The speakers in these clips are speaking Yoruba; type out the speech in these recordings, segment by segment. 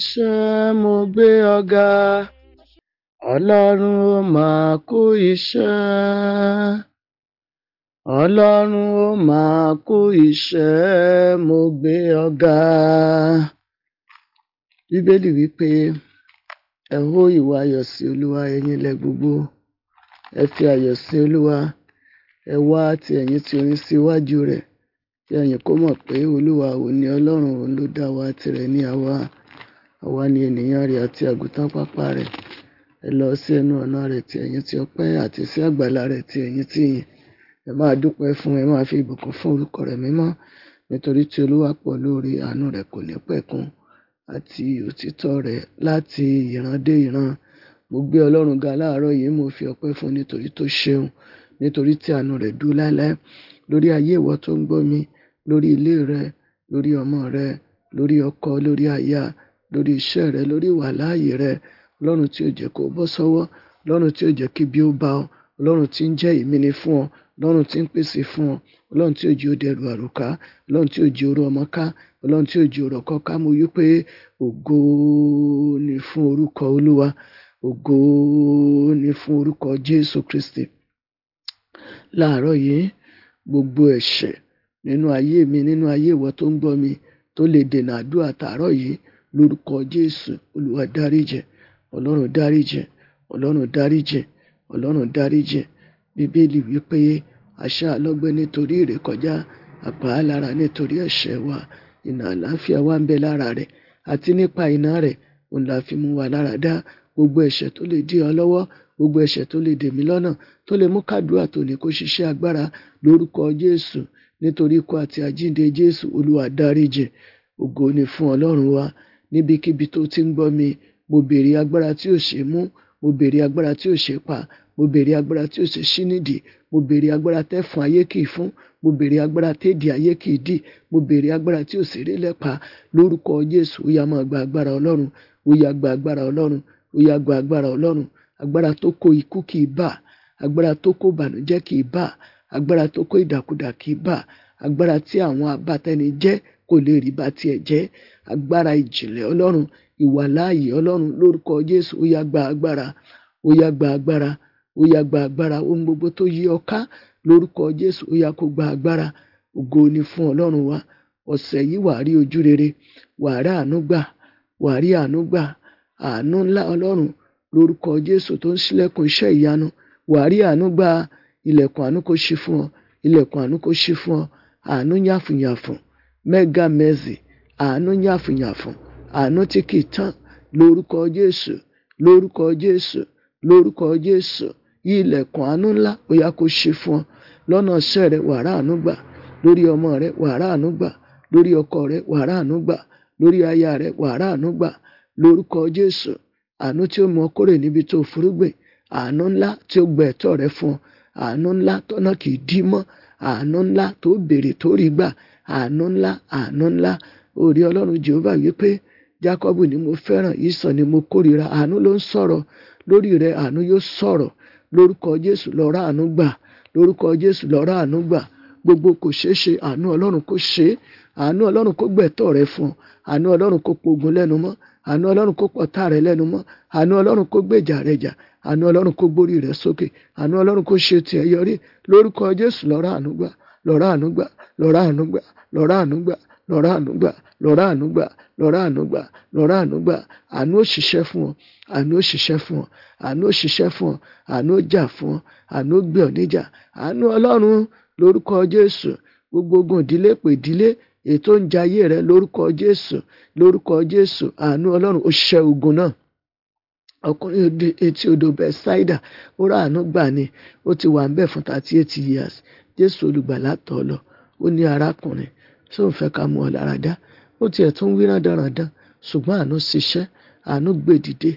iṣẹ́ mo gbé ọ̀gá ọlọ́run ó máa kú iṣẹ́ ọlọ́run ó máa kú iṣẹ́ mo gbé ọ̀gá bíbélì wípé ẹ hó ìwà ayọ̀ sí olúwa ẹ̀yin ilẹ̀ gbogbo ẹ fi ayọ̀ sí olúwa ẹ wá ti ẹ̀yin tí orin síwájú rẹ̀ kí ẹ̀yin kó mọ̀ pé olúwa òun ni ọlọ́run òun ló dá wa tirẹ̀ ní àwa àwa ni ènìyàn rẹ àti àgùntàn pápá rẹ ẹ lọ sí ẹnu ọnà rẹ ti ẹyin ti ọpẹ àti sí àgbàlá rẹ ti ẹyin ti ìyìn ẹ máa dúpẹ fún ẹ máa fi ìbùkún fún orúkọ rẹ mímọ́ nítorí tí olúwa pọ̀ lórí àánú rẹ kò ní pẹ̀kun àti òtítọ́ rẹ láti ìran dé ìran mo gbé ọlọ́run ga láàárọ̀ yìí mo fi ọpẹ́ fún nítorí tó ṣeun nítorí tí àánú rẹ dúró láéláé lórí ayé ìwọ tó ń gbọ́ mi lórí ilé rẹ lórí ọmọ rẹ lórí ọkọ lórí aya lórí iṣẹ́ rẹ lórí ìwàláàyè rẹ ọlọ́run tí ó jẹ́ kó bọ́ sọ́wọ́ ọlọ́run tí ó jẹ́ kí bí ó bá ọ ọlọ́run tí ń jẹ́ ìmíní fún ọ ọlọ́run tí ń pèsè fún ọ ọlọ́run tí ó jẹ́ òdẹrù àrùká ọlọ́run tí ó jẹ́ oró ọmọ ká ọlọ́run tí ó jẹ́ oró ọkọ ká mo yí pé ògo ni fún orúkọ olúwa ògo ni fún orúkọ jésù kristi láàárọ̀ yìí gbogbo ẹ̀ṣẹ̀ nínú ayé mi nínú ayé ìwọ tó ń gbọ́ mi tó lè dènà àdúrà tàárọ̀ yìí lórúkọ jésù olúwa dáríjẹ ọlọ́run dáríjẹ ọlọ́run dáríjẹ ọlọ́run dáríjẹ bíbélì wípé àṣà lọ́gbẹ́ nítorí ìrékọjá àpá lára nítorí ẹ̀ṣẹ̀ wa ìnà àlàáfíà wa ń bẹ lára rẹ̀ àti nípa ìnà rẹ̀ òun la fi mú wa lára dá gbogbo ẹ̀ṣẹ̀ tó lè dí ọ lọ́wọ́ gbogbo ẹ̀ṣẹ̀ tó lè dè lọ́nà tó lè mú kádùá tòní kó ṣiṣẹ́ agbára lórúkọ jésù nítorí ikú àti àjíǹde jésù olúwa dáríjẹ ògo ni fún ọlọ́run wa níbikíbi tó ti ń gbọ́ mi mo béèrè agbára tí ò ṣe mú mo béèrè agbára tí ò ṣe pa mo béèrè agbára tí ò ṣe ṣí nídìí mo béèrè agbára tẹ́fun ayé kì í fún mo béèrè agbára téèdì ayé kì í dì mo béèrè agbára tí ò ṣeré lẹ́pa lórúkọ Jésù ó yá máa gba agbára Ọlọ́run ó yá gba agbára Ọlọ́run ó yá gba agbára Ọlọ́run agbára tó kó ikú kì í bà agbára tó kó bànújẹ́ kì í bà agbára tó kó ìdàkudà kì í bà agbára tí àwọn abatẹni jẹ́ kò lè rí bá tiẹ̀ jẹ́ agbára ìjìnlẹ̀ ọlọ́run ìwàláàyè ọlọ́run lórúkọ jésù ó yá gba agbára ó yá gba agbára ó yá gba agbára ohun gbogbo tó yí ọká ká lórúkọ jésù ó yá kó gba agbára ògo ni fún ọlọ́run wa ọ̀sẹ̀ yìí wàá rí rere wàá rí àánú gbà wàá rí àánú gbà àánú ńlá ọlọ́run lórúkọ jésù tó ń iṣẹ́ fún ọ ilẹ̀kùn àánú fún ọ àánú yàfùnyàfùn mega mercy àánú yàfùnyàfùn àánú tí kì í tán lórúkọ Jésù lórúkọ Jésù lórúkọ Jésù ilẹ̀kùn àánú ńlá ó yá kó ṣe fún ọ lọ́nà iṣẹ́ rẹ wàrà àánú gbà lórí ọmọ rẹ wàrà àánú gbà lórí ọkọ rẹ wàrà àánú gbà lórí aya rẹ wàrà àánú gbà lórúkọ Jésù àánú tí ó mú kórè níbi tó fúrúgbìn àánú ńlá tí ó gba ẹ̀tọ́ rẹ fún ọ àánú ńlá tọ́nà kì í dí mọ́ àánú ńlá tó béèrè tó rí gbà àánú ńlá àánú ńlá orí ọlọ́run jehova wípé jákọ́bù ni mo fẹ́ràn ìsọ ni mo kórìíra àánú ló ń sọ̀rọ̀ lórí rẹ àánú yóò sọ̀rọ̀ lórúkọ jésù lọ́ra àánú gbà lórúkọ jésù lọ́ra àánú gbà gbogbo kò ṣeé ṣe àánú ọlọ́run kò ṣe é àánú ọlọ́run kò gbẹ̀tọ́ rẹ fún ọ àánú ọlọ́run kò pogun lẹ́nu mọ́ àánú ọlọ́run kò pọ̀tá rẹ lẹ́nu mọ́ àánú ọlọ́run kò gbèjà rẹ jà àánú ọlọ́run kò gbórí rẹ sókè àánú ọlọ́run kò ṣe tiẹ̀ yọrí lórúkọ jésù lọ́ra àánú gbà lọ́ra àánú gbà lọ́ra àánú gbà lọ́ra àánú gbà lọ́ra àánú gbà lọ́ra àánú gbà lọ́ra àánú gbà lọ́ra àánú gbà àánú ó ṣiṣẹ́ fún ọ àánú ó ṣiṣẹ́ fún ọ àánú ó ṣiṣẹ́ fún ọ àánú ó jà fún ọ àánú ó gbé ọ níjà àánú ọlọ́run lórúkọ jésù gbogbo ogun ìdílé pè ìdílé ètò ń jayé rẹ lórúkọ jésù lórúkọ jésù àánú ọlọ́run ó ogun náà ọkùnrin etí odò bẹ́sáìdà ó rà gbà ni ó ti wà ń bẹ̀ fún thirty eight years jésù olùgbàlà tọ̀ ọ́ lọ ó ní arákùnrin tó ń fẹ́ ká mú ọ lára dá ó tiẹ̀ tún ń wí rándanràndan ṣùgbọ́n àánú ṣiṣẹ́ àánú gbèdìde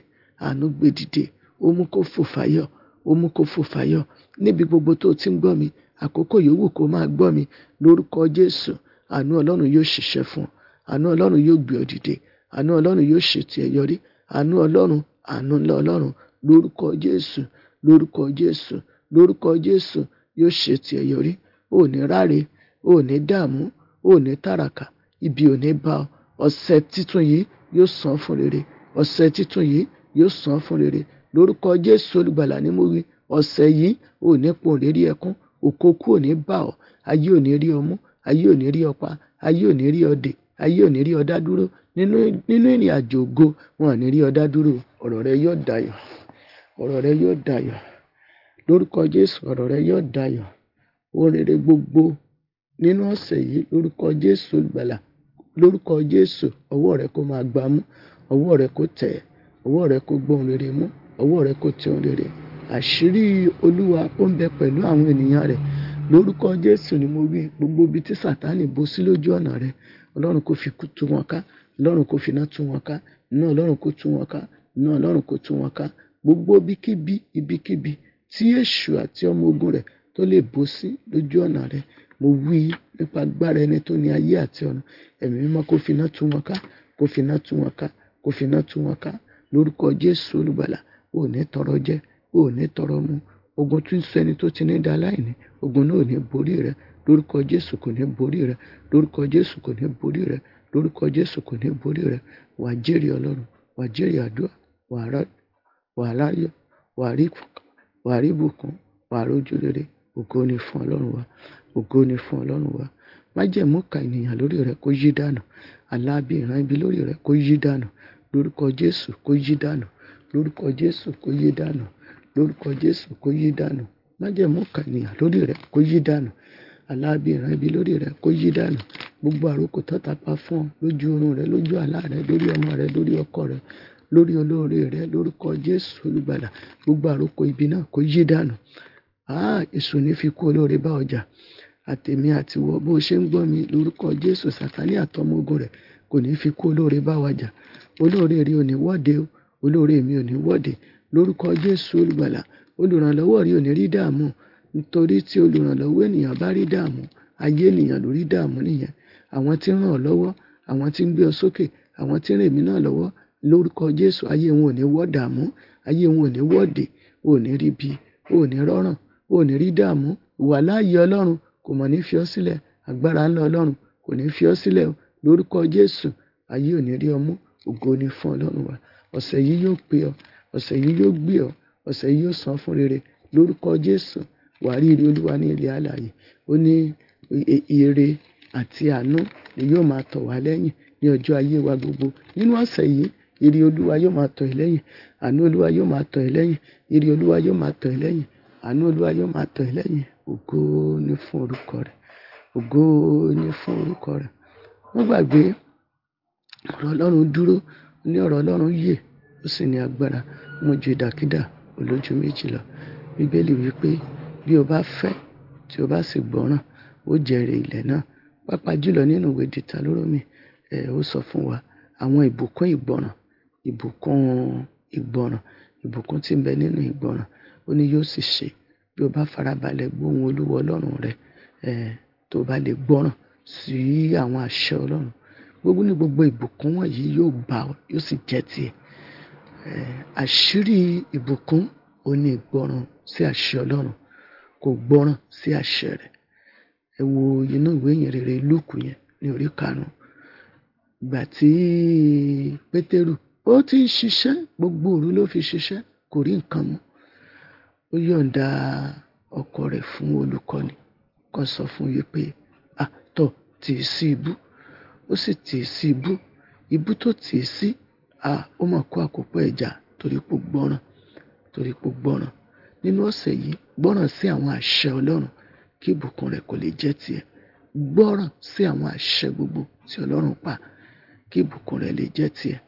àánú gbèdìde ó mú kó fò fáyọ̀ ó mú kó fò fáyọ̀ níbi gbogbo tó ti ń gbọ́ mi àkókò yòówù kó máa gbọ́ mi lórúkọ jésù àánú ọlọ́run yóò ṣiṣẹ́ fún ọ àánú ọlọ́run yóò gbé ọ dìde àánú ọlọ́run yóò ṣètì ẹ yọrí àánú ọlọ́run àánú ńlá ọlọ́run lórúkọ jésù lórúkọ jésù lórúkọ jésù yóò ṣe tiẹ yọrí ò ní ráre ò ní dààmú ò ní tàràkà ibi ò ní bá ọ ọ̀sẹ̀ titun yìí yóò san fún rere ọ̀sẹ̀ titun yìí yóò san fún rere lórúkọ jésù olùgbàlà ni mo wí ọ̀sẹ̀ yìí ò ní pọn rírí ẹkún òkú kú ò ní bá ọ ayé ò ní rí ọ ayé ò ní rí ọ ayé ò ní rí ọ ayé ò ní rí ọ dúró nínú ìrìn àjò ògo wọn ò ní rí ọ dúró ọ̀rọ̀ rẹ yóò dayọ̀ ọ̀rọ̀ rẹ yóò dayọ̀. lórúkọ jésù ọ̀rọ̀ rẹ yóò dayọ̀ ohun rere gbogbo nínú ọ̀sẹ̀ yìí lórúkọ jésù olùgbàlà lórúkọ jésù ọwọ́ rẹ kò máa gbà mú ọwọ́ rẹ kò tẹ̀ ọwọ́ rẹ kò gbóhun rere mú ọwọ́ rẹ kò tẹ ohun rere àṣírí olúwa ó ń bẹ pẹ̀lú àwọn ènìyàn rẹ̀ lórúkọ jésù ni mo rí gbogbo ibi tí sátánì bó sí lójú ọ̀nà rẹ ọlọ́run kò fi tú wọn ká ọlọ́run kò fi iná tú wọn ká iná ọlọ́run kò tú wọn ká iná ọlọ́run kò tú wọn ká gbogbo ibikíbi ibikíbi tí èṣù àti ọmọ ogun rẹ̀ tó lè bó sí lójú ọ̀nà rẹ̀ mo wí nípa agbára ẹni tó ní ayé àti ọ̀run ẹ̀mí mímọ́ kó finá tú wọn ká kó finá tú wọn ká kó finá tú wọn ká lórúkọ jésù olùgbàlà ò ní tọrọ jẹ ò ní tọrọ mu ogun tún sọ ẹni tó ti ní da láìní ogun náà ní borí rẹ lórúkọ jésù kò ní borí rẹ lórúkọ jésù kò ní borí rẹ lórúkọ jésù kò ní borí rẹ wà jèrè ọlọ́run wà jèrè àdúrà wà á ráyọ̀ rí wàá rí ìbùkún wàá rójú rere ògo ni fún ọlọ́run wa ògo ni fún ọlọ́run wa májẹ̀mú ka ènìyàn lórí rẹ kó yí dànù alábí ìran ibi lórí rẹ kó yí dànù lórúkọ jésù kó yí dànù lórúkọ jésù kó yí dànù lórúkọ jésù kó yí dànù májẹ̀mú ka ènìyàn lórí rẹ kó yí dànù alábí ìran ibi lórí rẹ kó yí dànù gbogbo àròkò tọ́ta pa fún ọ lójú oorun rẹ lójú àlá rẹ lórí ọmọ rẹ lórí ọkọ rẹ lórí olóore rẹ lórúkọ jésù olùgbàlà gbogbo àròkọ ibi náà kó yí dànù áà ah, èṣù ní fi kú olóore bá ọjà àtèmi àtiwọ bó ṣe ń gbọ́ mi lórúkọ jésù sátánì àtọmọ ogun rẹ kò ní fi kú olóore bá wa jà olóore rí òní wọ́de o olóore mi òní wọ́de lórúkọ jésù olùgbàlà olùrànlọ́wọ́ rí òní rí dààmú nítorí tí olùrànlọ́wọ́ ènìyàn bá rí dààmú ayé ènìyàn ló rí dààmú nìyẹn àwọn tí ràn ọ́ lọ́wọ́ àwọn tí ń gbé ọ sókè àwọn tí ń ràn náà lọ́wọ́ lórúkọ jésù ayé wọn ò ní wọ́dààmú ayé wọn ò ní wọ́dè ò ní ríbi ò ní rọ́rùn ò ní rí dààmú ìwà láàyè ọlọ́run kò mọ̀ ní fi ọ́ sílẹ̀ agbára ńlá ọlọ́run kò ní fi ọ́ sílẹ̀ lórúkọ jésù ayé ò ní rí ọ ògo ni fún ọlọ́run wa ọ̀sẹ̀ yìí yóò pè ọ́ ọ̀sẹ̀ yìí yóò gbé ọ́ ọ̀sẹ̀ yìí yóò san fún rere lórúkọ jésù wàá rí ire olúwa ní ilẹ̀ alààyè ó ní ire àti àánú ni yóò máa tọ̀ wá lẹ́yìn ní ọjọ́ ayé wa gbogbo nínú ọ̀sẹ̀ yìí ire olúwa yóò máa tọ̀ ẹ́ lẹ́yìn àánú olúwa yóò máa tọ̀ ẹ́ lẹ́yìn ire olúwa yóò máa tọ̀ ẹ́ lẹ́yìn àánú olúwa yóò máa tọ̀ ẹ́ lẹ́yìn ògo ni fún orúkọ rẹ̀ ògo ni fún orúkọ rẹ̀ wọ́n gbàgbé ọ̀rọ̀ ọlọ́run dúró ní ọ̀rọ̀ ọlọ́run yè ó sì ní agbára mú ju ìdàkídà olójú méjì lọ bíbélì wípé bí o bá fẹ́ tí o bá sì gbọ́ràn ó jèrè ilẹ̀ náà pàápàá jùlọ nínú ìwé dìtà lóró mi ẹ ó sọ fún wa àwọn ìbùkún ìgbọràn ìbùkún ìgbọràn ìbùkún tí ń bẹ nínú ìgbọràn ó ní yóò sì ṣe bí o bá farabalẹ̀ gbóhùn olúwa ọlọ́run rẹ um tó o bá lè gbọ́ràn sí àwọn àṣẹ ọlọ́run gbogbo ní gbogbo ìbùkún wọ̀nyí yóò bá ọ yóò sì jẹ́ tiẹ̀ àṣírí ìbùkún òun ni ìgbọràn sí àṣẹ ọlọ́run kò gbọ́ràn sí àṣẹ rẹ̀ ẹ wo inú ìwé ìyìnrere lúùkù yẹn ní orí karùnún ìgbà tí pétérù ó ti ń ṣiṣẹ́ gbogbo òru ló fi ṣiṣẹ́ kò rí nǹkan mú ó yọ̀ǹda ọkọ rẹ̀ fún olùkọ́ni kan sọ fún un pé àtọ̀ tì í sí ibú ó sì tì í sí ibú ibú tó tì í sí ó mà kó àkópọ̀ ẹ̀já torí pò gbọ́ràn torí pò gbọ́ràn nínú ọ̀sẹ̀ yìí gbọ́ràn sí àwọn àṣẹ ọlọ́run kí ìbùkún rẹ̀ kò lè jẹ́ tiẹ̀ gbọ́ràn sí àwọn àṣẹ gbogbo tí ọlọ́run pa kí ìbùkún rẹ̀ lè jẹ́ tiẹ̀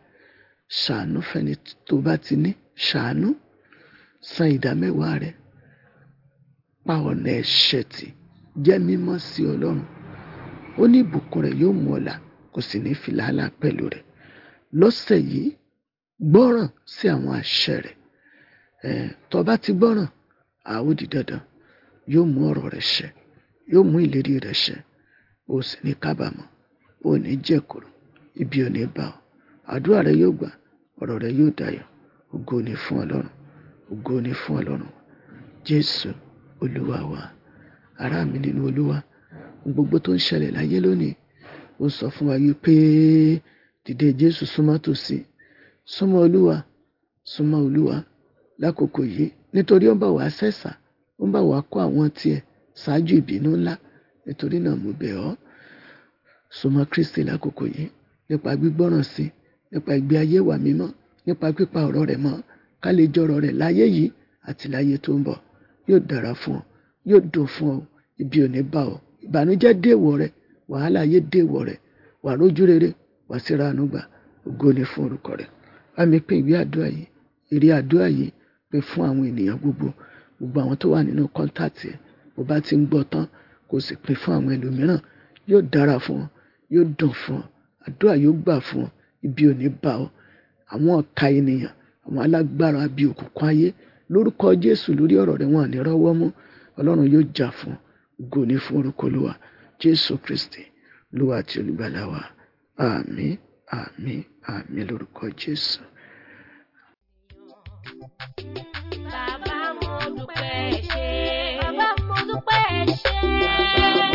ṣàánú fẹ́ni tó bá ti ní ṣàánú san ìdámẹ́wàá rẹ̀ pa ọ̀nà ẹ̀ṣẹ̀ tì jẹ́ mímọ́ sí ọlọ́run ó ní ìbùkún rẹ̀ yóò mú ọ̀la kò sì ní fi làálàá pẹ̀lú rẹ̀ lọ́sẹ̀ yìí gbọ́ràn sí àwọn àṣẹ rẹ̀ ẹ̀ tó ti gbọ́ràn àá ó dandan yóò mú ọ̀rọ̀ rẹ̀ ṣẹ yóò mú ìlérí rẹ̀ ṣẹ ó sì ní kábàámọ̀ ó ní jẹ̀kùrù ibi ò ní bá ọ àdúrà rẹ yóò gbà ọ̀rọ̀ rẹ yóò dayọ̀ ògo ni fún ọlọ́run ògo ni fún ọlọ́run jésù olúwa wa ará mi nínú olúwa gbogbo tó ń ṣẹlẹ̀ láyé lónìí ó sọ fún wa wípé dìde jésù súnmọ́ tòsí súnmọ́ olúwa súnmọ́ olúwa lákòókò yìí nítorí ó ń bá wa sẹ́sà ó ń bá wa kó àwọn tiẹ̀ ṣáájú ìbínú ńlá nítorí náà mo bẹ̀ ọ́ súnmọ́ kristi lákòókò yìí nípa gbígbọ́ràn sí i nípa ìgbé ayé wa mímọ́ nípa pípa ọ̀rọ̀ rẹ̀ mọ́ ká lè jọrọ̀ rẹ̀ láyé yìí àti láyé tó ń bọ̀ yóò dára fún ọ yóò dùn fún ọ ibi ò ní bá ọ ìbànújẹ́ déèwọ̀ rẹ wàhálà ayé déèwọ̀ rẹ wà rójú rere wà síra àánú ògo ni fún orúkọ rẹ bá mi pín ìwé àdúrà yìí èrè àdúrà yìí pé fún àwọn ènìyàn gbogbo gbogbo àwọn tó wà nínú kọ́ńtàtì ẹ̀ bó bá ti ń gbọ́ tán kó sì pín fún àwọn ẹlòmíràn yóò dára fún ọ yóò dùn fún ọ àdúrà yóò gbà fún ọ ibi ò ní bá ọ àwọn ọ̀tá ènìyàn àwọn alágbára bí òkùnkùn ayé lórúkọ Jésù lórí ọ̀rọ̀ rẹ wọn àní rọ́wọ́ mú Ọlọ́run yóò jà fún ògo ní fún orúkọ Olúwa Jésù Kristi Olúwa àti Olùgbàlà wa àmín àmín lórúkọ Jésù. Bàbá mo dúpẹ́ ṣe. Bàbá mo dúpẹ́ ṣe.